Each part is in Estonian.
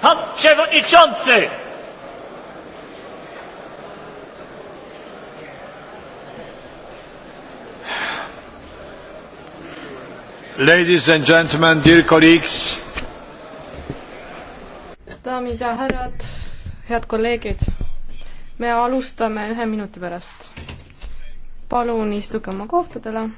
Pan Przewodniczący! Ladies and gentlemen, dear colleagues. daamid ja härrad, head kolleegid. me alustame ühe minuti pärast. palun istuge oma kohtadele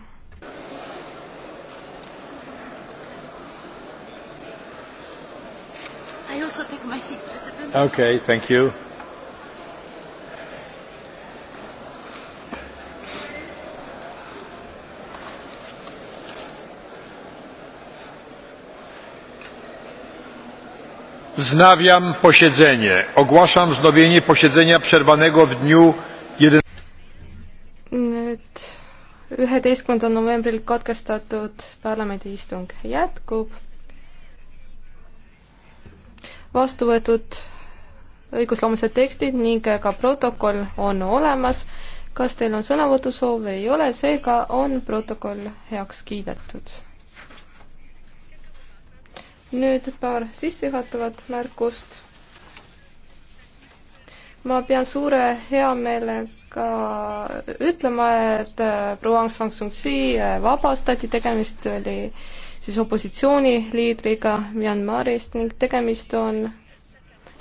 I also take my seat, President. Okay, thank you. Wznawiam posiedzenie. Ogłaszam wznowienie posiedzenia przerwanego w dniu 11 üheteistkümnendal novembril katkestatud parlamendi istung jätkub vastu võetud õigusloomulised tekstid ning ka protokoll on olemas. kas teil on sõnavõtusoove? ei ole, seega on protokoll heaks kiidetud. nüüd paar sissejuhatavat märkust. ma pean suure heameelega ütlema, et proua Aung San Suu Kyi vabastati, tegemist oli äh, siis opositsiooniliidriga Myanmarist ning tegemist on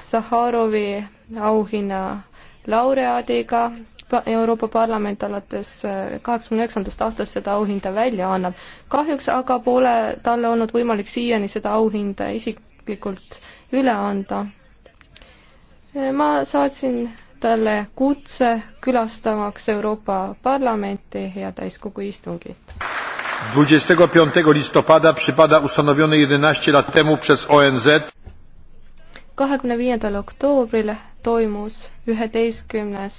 Saharovi auhinna laureaadiga, Euroopa Parlament alates äh, kaheksakümne üheksandast aastast seda auhinda välja annab. kahjuks aga pole talle olnud võimalik siiani seda auhinda isiklikult üle anda. Äh, ma saatsin talle kutse külastamaks Euroopa Parlamenti ja täiskogu istungit. 25 listopada przypada ustanowiony 11 lat temu przez ONZ kahekümne viiendal oktoobril toimus üheteistkümnes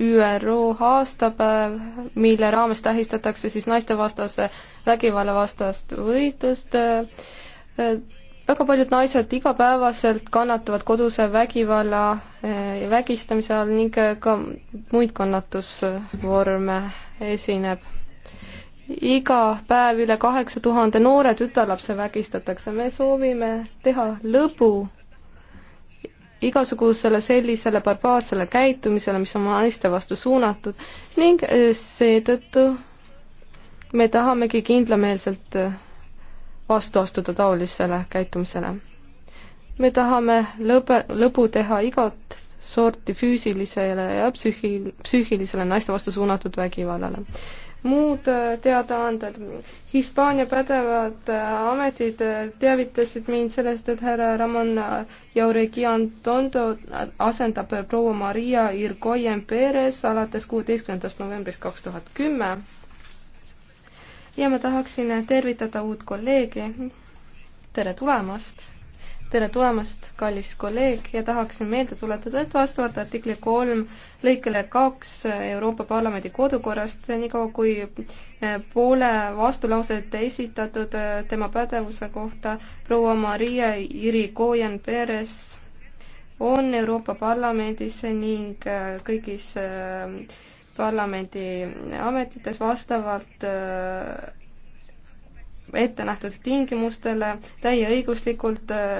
ÜRO aastapäev, mille raames tähistatakse siis naistevastase vägivalla vastast võitlust väga paljud naised igapäevaselt kannatavad koduse vägivalla ja eh, vägistamise all ning eh, ka muid kannatusvorme esineb. iga päev üle kaheksa tuhande noore tütarlapse vägistatakse, me soovime teha lõbu igasugusele sellisele barbaarsele käitumisele, mis on naiste vastu suunatud ning eh, seetõttu me tahamegi kindlameelselt vastu astuda taolisele käitumisele. me tahame lõbe, lõbu teha igat sorti füüsilisele ja psüühi-, psüühilisele naiste vastu suunatud vägivallale. muud äh, teadaanded. Hispaania pädevad äh, ametid äh, teavitasid mind sellest, et härra Ramon Jauregi Antondo asendab proua Maria Irgoyen Perez alates kuueteistkümnendast novembrist kaks tuhat kümme ja ma tahaksin tervitada uut kolleegi. tere tulemast! tere tulemast, kallis kolleeg, ja tahaksin meelde tuletada, et vastavalt artikli kolm lõikele kaks Euroopa Parlamendi kodukorrast, niikaua kui eh, poole vastulauset esitatud eh, tema pädevuse kohta proua Maria Irigoyen Perez on Euroopa Parlamendis ning eh, kõigis parlamendi ametites vastavalt äh, ette nähtud tingimustele täieõiguslikult äh,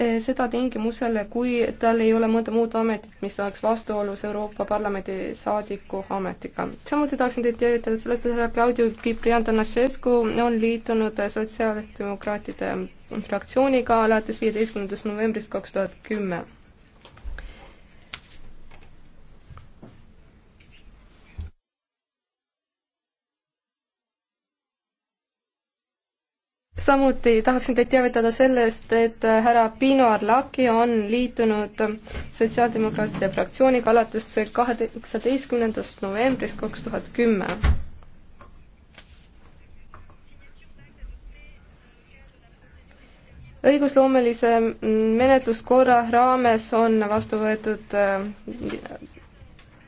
äh, seda tingimusele, kui tal ei ole mõnda muud ametit, mis oleks vastuolus Euroopa Parlamendi saadiku ametiga. samuti tahaksin teid teavitada sellest, et härra Claudio Ciprian Tanașescu on liitunud sotsiaaldemokraatide fraktsiooniga alates viieteistkümnendast novembrist kaks tuhat kümme samuti tahaksin teid teavitada sellest, et äh, härra Pino Arlaki on liitunud Sotsiaaldemokraatide fraktsiooniga alates kaheksateistkümnendast novembrist kaks tuhat kümme. õigusloomelise menetluskorra raames on vastu võetud äh,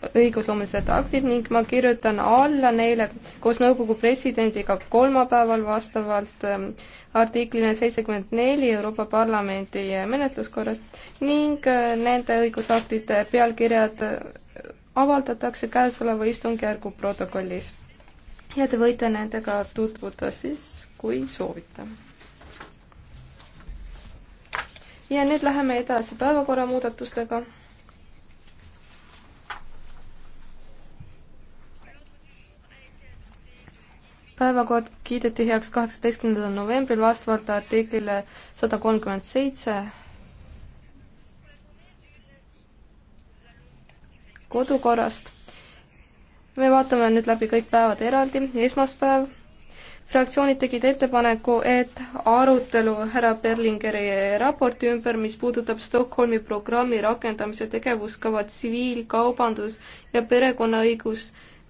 õigusloomelised aktid ning ma kirjutan alla neile koos nõukogu presidendiga kolmapäeval vastavalt ähm, artiklile seitsekümmend neli Euroopa Parlamendi menetluskorrast ning äh, nende õigusaktide pealkirjad äh, avaldatakse käesoleva istungjärgu protokollis. ja te võite nendega tutvuda siis, kui soovite. ja nüüd läheme edasi päevakorra muudatustega päevakord kiideti heaks kaheksateistkümnendal novembril vastavalt artiklile sada kolmkümmend seitse. kodukorrast. me vaatame nüüd läbi kõik päevad eraldi, esmaspäev. fraktsioonid tegid ettepaneku, et arutelu härra Berlingeri raporti ümber, mis puudutab Stockholmi programmi rakendamise tegevuskava tsiviil, kaubandus ja perekonnaõigus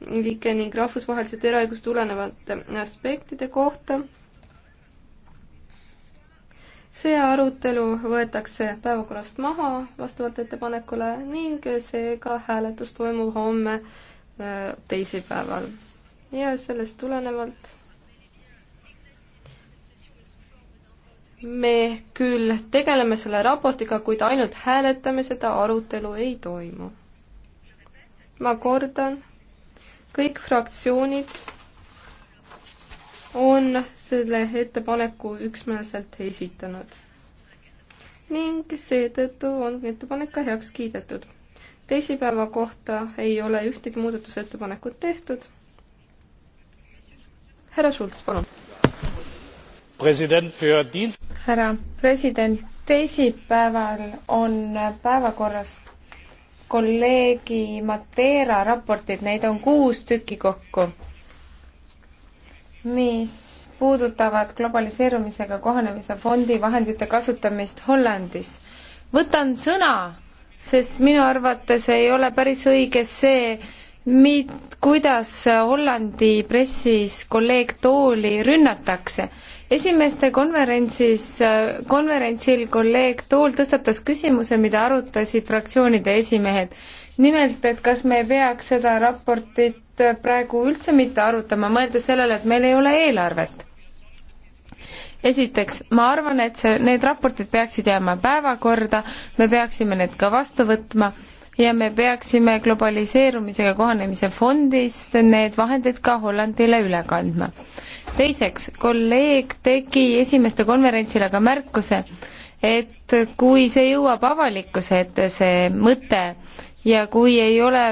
liike ning rahvusvahelisest eraõigust tulenevate aspektide kohta. see arutelu võetakse päevakorrast maha vastavalt ettepanekule ning seega hääletus toimub homme äh, teisipäeval. ja sellest tulenevalt me küll tegeleme selle raportiga, kuid ainult hääletame seda, arutelu ei toimu. ma kordan kõik fraktsioonid on selle ettepaneku üksmeelselt esitanud ning seetõttu on ettepanek ka heaks kiidetud. teisipäeva kohta ei ole ühtegi muudatusettepanekut tehtud. härra Schulz, palun. härra president, teisipäeval on päevakorras kolleegi Matera raportid, neid on kuus tükki kokku, mis puudutavad globaliseerumisega kohanemise fondi vahendite kasutamist Hollandis. võtan sõna, sest minu arvates ei ole päris õige see, mid-, kuidas Hollandi pressis kolleeg Tooli rünnatakse. esimeste konverentsis, konverentsil kolleeg Tool tõstatas küsimuse, mida arutasid fraktsioonide esimehed. nimelt, et kas me ei peaks seda raportit praegu üldse mitte arutama, mõeldes sellele, et meil ei ole eelarvet esiteks, ma arvan, et see, need raportid peaksid jääma päevakorda, me peaksime need ka vastu võtma ja me peaksime globaliseerumisega kohanemise fondist need vahendid ka Hollandile üle kandma. teiseks, kolleeg tegi esimeste konverentsil aga märkuse, et kui see jõuab avalikkuse ette, see mõte, ja kui ei ole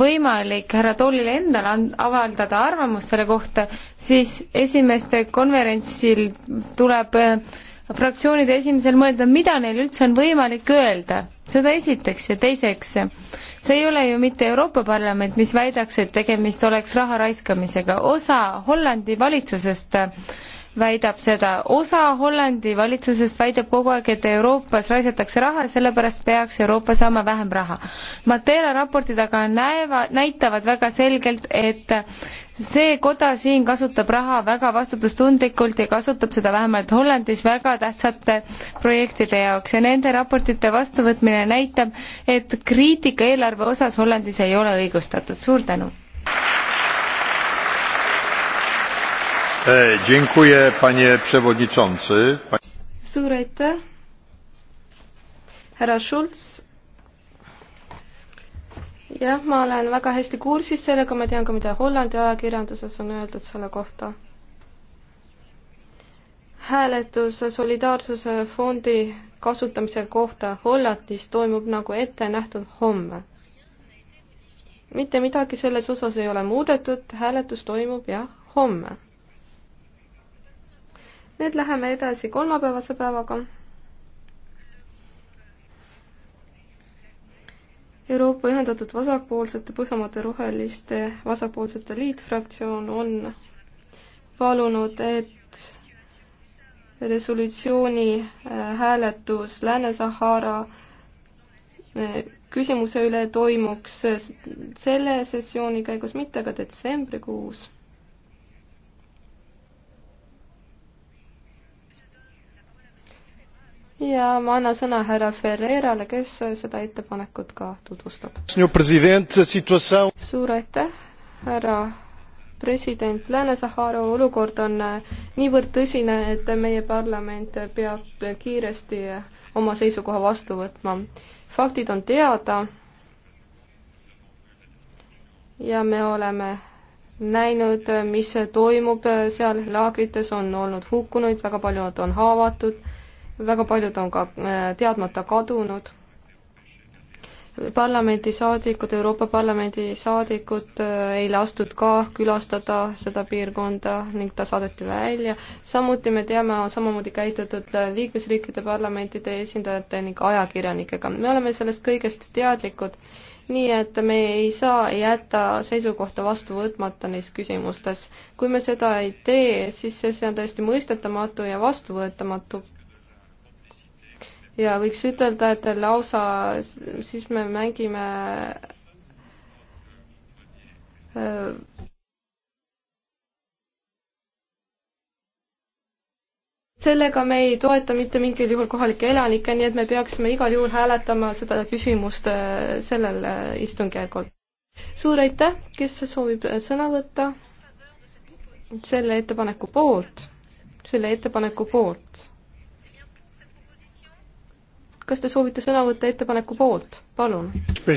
võimalik härra Toolile endale avaldada arvamust selle kohta, siis esimeste konverentsil tuleb äh, fraktsioonide esimesel mõelda, mida neil üldse on võimalik öelda. seda esiteks ja teiseks, see ei ole ju mitte Euroopa Parlament, mis väidaks, et tegemist oleks raha raiskamisega, osa Hollandi valitsusest väidab seda, osa Hollandi valitsusest väidab kogu aeg, et Euroopas raisatakse raha ja sellepärast peaks Euroopa saama vähem raha. Matera raportid aga näeva, näitavad väga selgelt, et see koda siin kasutab raha väga vastutustundlikult ja kasutab seda vähemalt Hollandis väga tähtsate projektide jaoks ja nende raportite vastuvõtmine näitab, et kriitika eelarve osas Hollandis ei ole õigustatud. suur tänu! E, suur aitäh, härra Schulz jah, ma olen väga hästi kursis sellega, ma tean ka, mida Hollandi ajakirjanduses on öeldud selle kohta. hääletus Solidaarsuse fondi kasutamise kohta Hollandis toimub nagu ette nähtud homme. mitte midagi selles osas ei ole muudetud, hääletus toimub jah, homme. nüüd läheme edasi kolmapäevase päevaga Euroopa Ühendatud Vasakpoolsete Põhjamaade Roheliste Vasakpoolsete Liitfraktsioon on palunud, et resolutsiooni äh, hääletus Lääne-Sahara äh, küsimuse üle toimuks äh, selle sessiooni käigus, mitte aga detsembrikuus ja ma annan sõna härra Ferreirale, kes seda ettepanekut ka tutvustab. suur aitäh, härra president, Lääne-Sahara olukord on eh, niivõrd tõsine, et meie parlament peab kiiresti oma seisukoha vastu võtma. faktid on teada ja me oleme näinud, mis toimub seal laagrites, on olnud hukkunuid, väga paljud on haavatud väga paljud on ka äh, teadmata kadunud. parlamendisaadikud, Euroopa Parlamendi saadikud äh, ei lastud ka külastada seda piirkonda ning ta saadeti välja. samuti me teame, on samamoodi käitutud liikmesriikide parlamentide esindajate ning ajakirjanikega. me oleme sellest kõigest teadlikud nii et me ei saa jätta seisukohta vastu võtmata neis küsimustes. kui me seda ei tee, siis see, see on täiesti mõistetamatu ja vastuvõetamatu ja võiks ütelda, et lausa siis me mängime äh, sellega me ei toeta mitte mingil juhul kohalikke elanikke, nii et me peaksime igal juhul hääletama seda küsimust äh, sellel äh, istungjärgul. suur aitäh, kes soovib sõna võtta selle ettepaneku poolt, selle ettepaneku poolt kas te soovite sõna võtta ettepaneku poolt? palun. E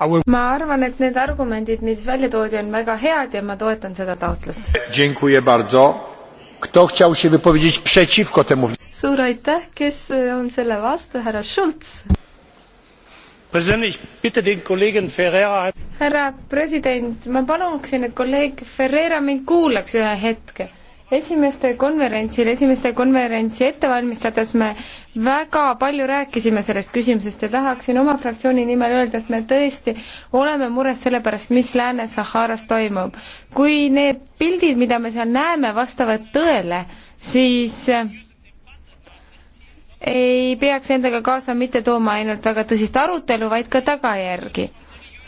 our... ma arvan, et need argumendid, mis välja toodi, on väga head ja ma toetan seda taotlust. suur aitäh, kes on selle vastu, härra Schulz? härra president, ma paluksin, et kolleeg Ferreira mind kuulaks ühe hetke esimeste konverentsil, esimeste konverentsi ettevalmistades me väga palju rääkisime sellest küsimusest ja tahaksin oma fraktsiooni nimel öelda, et me tõesti oleme mures selle pärast, mis Lääne-Saharas toimub. kui need pildid, mida me seal näeme, vastavad tõele, siis eh, ei peaks endaga kaasa mitte tooma ainult väga tõsist arutelu, vaid ka tagajärgi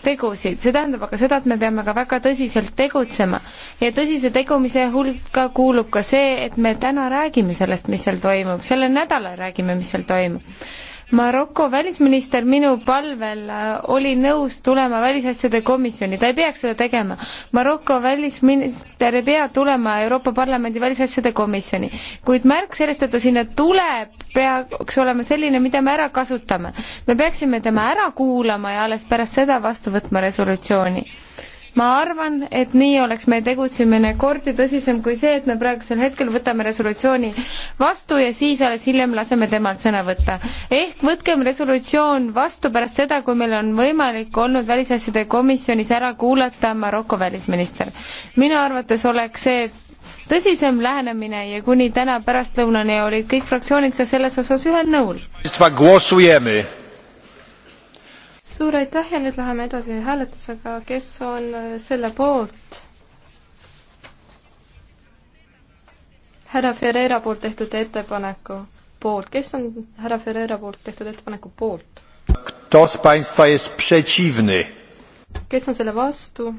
tegusid, see tähendab aga seda, et me peame ka väga tõsiselt tegutsema. ja tõsise tegumise hulka kuulub ka see, et me täna räägime sellest, mis seal toimub, selle nädala räägime, mis seal toimub Maroko välisminister minu palvel äh, oli nõus tulema välisasjade komisjoni, ta ei peaks seda tegema. Maroko välisminister ei pea tulema Euroopa Parlamendi välisasjade komisjoni, kuid märk sellest, et ta sinna tuleb, peaks olema selline, mida me ära kasutame. me peaksime tema ära kuulama ja alles pärast seda vastu võtma resolutsiooni ma arvan, et nii oleks meie tegutsemine kordi tõsisem kui see, et me praegusel hetkel võtame resolutsiooni vastu ja siis alles hiljem laseme temalt sõna võtta. ehk võtkem resolutsioon vastu pärast seda, kui meil on võimalik olnud välisasjade komisjonis ära kuulata Maroko välisminister. minu arvates oleks see tõsisem lähenemine ja kuni täna pärastlõunani olid kõik fraktsioonid ka selles osas ühel nõul suur aitäh ja nüüd läheme edasi hääletusega, kes on äh, selle poolt? härra Ferreira poolt tehtud ettepaneku poolt, kes on härra Ferreira poolt tehtud ettepaneku poolt? kes on selle vastu?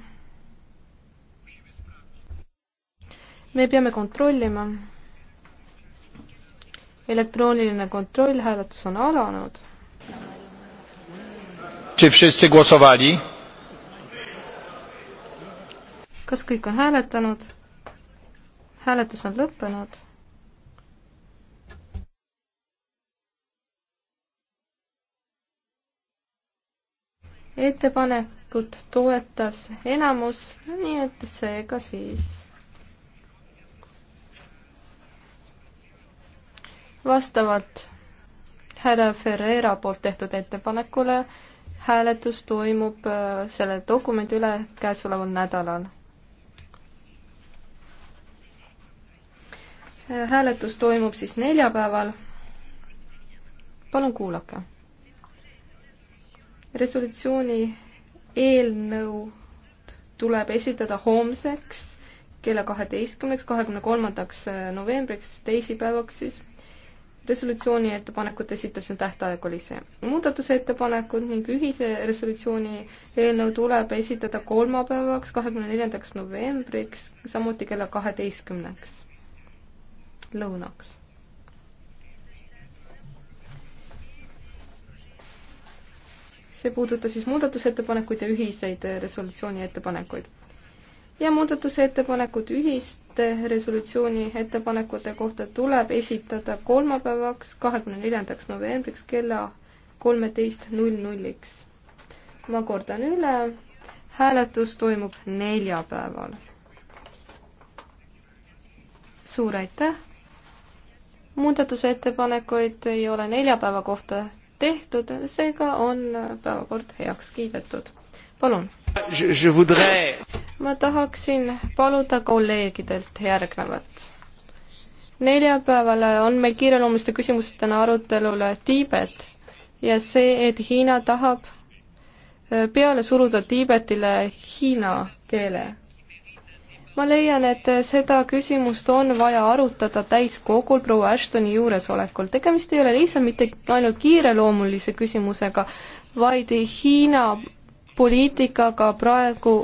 me peame kontrollima. elektrooniline kontrollhääletus on alanud Czy wszyscy głosowali? kas kõik on hääletanud? hääletus on lõppenud. ettepanekut toetas enamus, nii et seega siis vastavalt härra Ferreira poolt tehtud ettepanekule hääletus toimub äh, selle dokumendi üle käesoleval nädalal. Äh, hääletus toimub siis neljapäeval. palun kuulake. resolutsiooni eelnõu tuleb esitada homseks kella kaheteistkümneks, kahekümne kolmandaks äh, novembriks, teisipäevaks siis resolutsiooni ettepanekut esitab, see on tähtaeg oli see. muudatusettepanekud ning ühise resolutsiooni eelnõu tuleb esitada kolmapäevaks, kahekümne neljandaks novembriks, samuti kella kaheteistkümneks lõunaks. see puudutas siis muudatusettepanekuid ja ühiseid resolutsiooni ettepanekuid ja muudatusettepanekud ühiste resolutsiooni ettepanekute kohta tuleb esitada kolmapäevaks, kahekümne neljandaks novembriks kella kolmeteist null nulliks. ma kordan üle, hääletus toimub neljapäeval. suur aitäh! muudatusettepanekuid ei ole neljapäeva kohta tehtud, seega on päevakord heaks kiidetud. palun. Voudrais ma tahaksin paluda kolleegidelt järgnevat. neljapäeval on meil kiireloomuliste küsimustena arutelule Tiibet ja see, et Hiina tahab äh, peale suruda Tiibetile hiina keele. ma leian, et seda küsimust on vaja arutada täiskogul proua Ashtoni juuresolekul. tegemist ei ole lihtsalt mitte ainult kiireloomulise küsimusega, vaid Hiina poliitikaga praegu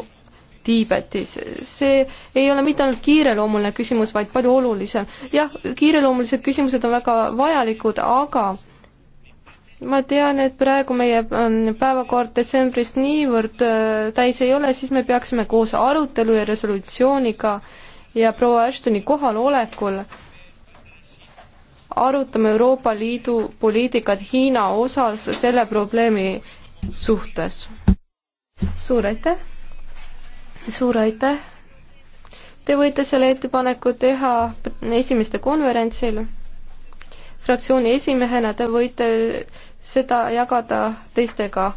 Tiibetis. see ei ole mitte ainult kiireloomuline küsimus, vaid palju olulisem. jah, kiireloomulised küsimused on väga vajalikud, aga ma tean, et praegu meie ähm, päevakord detsembris niivõrd äh, täis ei ole, siis me peaksime koos arutelu ja resolutsiooniga ja proua Ashtoni kohalolekul arutame Euroopa Liidu poliitikat Hiina osas selle probleemi suhtes. suur aitäh! suur aitäh. Te võite selle ettepaneku teha esimeste konverentsil. fraktsiooni esimehena te võite seda jagada teistega.